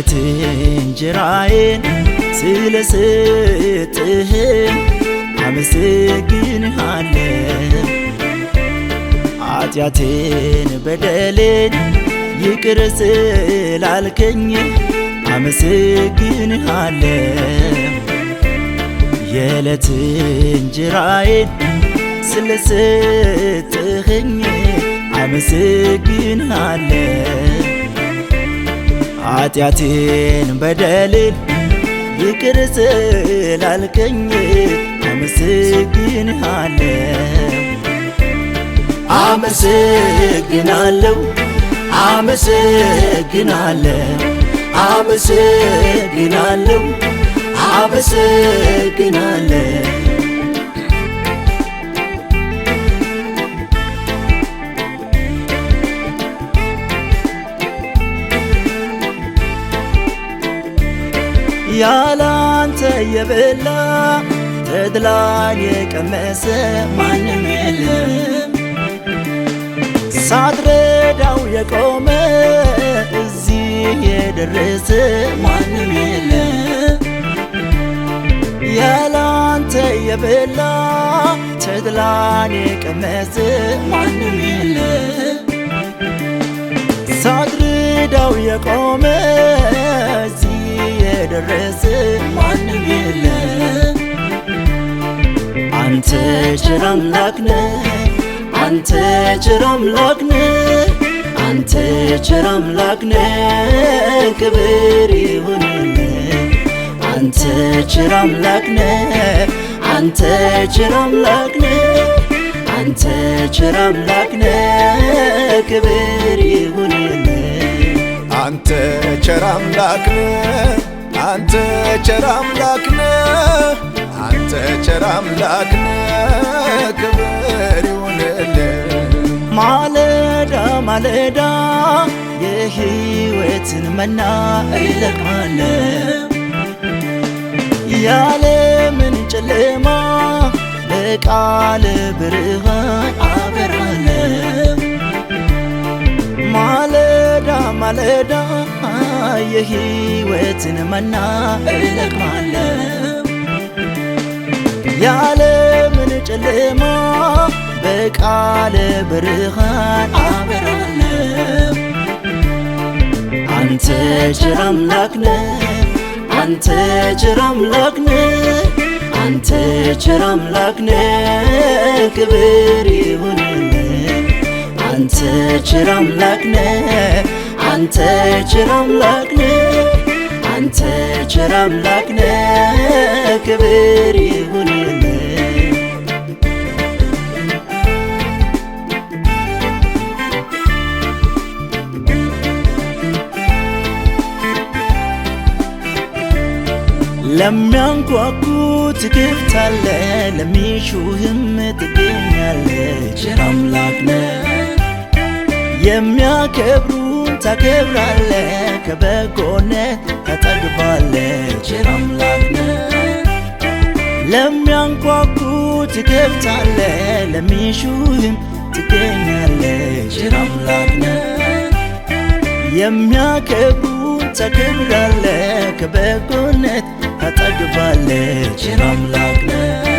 የሕይወት እንጀራዬን ስለሰጠህ አመሰግንሃለሁ። ኃጢአቴን በደሌን ይቅር ስላልከኝ አመሰግንሃለሁ። የዕለት እንጀራዬን ስለሰጠኸኝ አመሰግንሃለሁ። ኃጢአቴን በደልን ይቅር ስላልከኝ አመሰግንሃለሁ አመሰግናለሁ አመሰግናለሁ አመሰግናለሁ አመሰግናለሁ ያላንተ የበላ ተድላን የቀመሰ ማንም የለም ሳትረዳው የቆመ እዚህ የደረሰ ማንም የለም ያላንተ የበላ ተድላን የቀመሰ ማንም የለም ሳትረዳው የቆመ ያደረሰ ማንም የለም። አንተ ቸር አምላክ ነህ፣ አንተ ቸር አምላክ ነህ፣ አንተ ቸር አምላክ ነህ። ክብር ይሁንልህ። አንተ ቸር አምላክ ነህ፣ አንተ ቸር አምላክ ነህ፣ አንተ ቸር አምላክ ነህ። ክብር ይሁንልህ። አንተ ቸር አምላክ ነህ አንተ ቸር አምላክ ነህ፣ አንተ ቸር አምላክ ነህ። ክብር ይሁንልህ። ማለዳ ማለዳ የህይወትን መና እለቅማለሁ የዓለምን ጨለማ በቃል ብርሃን የሕይወትን መና እለቅማለሁ የዓለምን ጨለማ በቃለ ብርሃን አበራለሁ። አንተ ቸር አምላክ ነህ፣ አንተ ቸር አምላክ ነህ፣ አንተ ቸር አምላክ ነህ፣ ክብር ይሁንልህ። አንተ ቸር አምላክ ነህ አንተ ቸር አምላክ ነህ፣ አንተ ቸር አምላክ ነህ። ክብር ይሁን ለሚያንኳኩት ክፍታለ ለሚሹህም ትገኛለ ቸር አምላክ ነህ የሚያከብሩ ታከብራለ ከበጎነት ታጠግባለ ቸር አምላክ ለሚያንኳኩ ትገብታለ ለሚሹህም ትገኛለ ቸር አምላክ የሚያከቡ ታከብራለ ከበጎነት ታጠግባለ ቸር አምላክ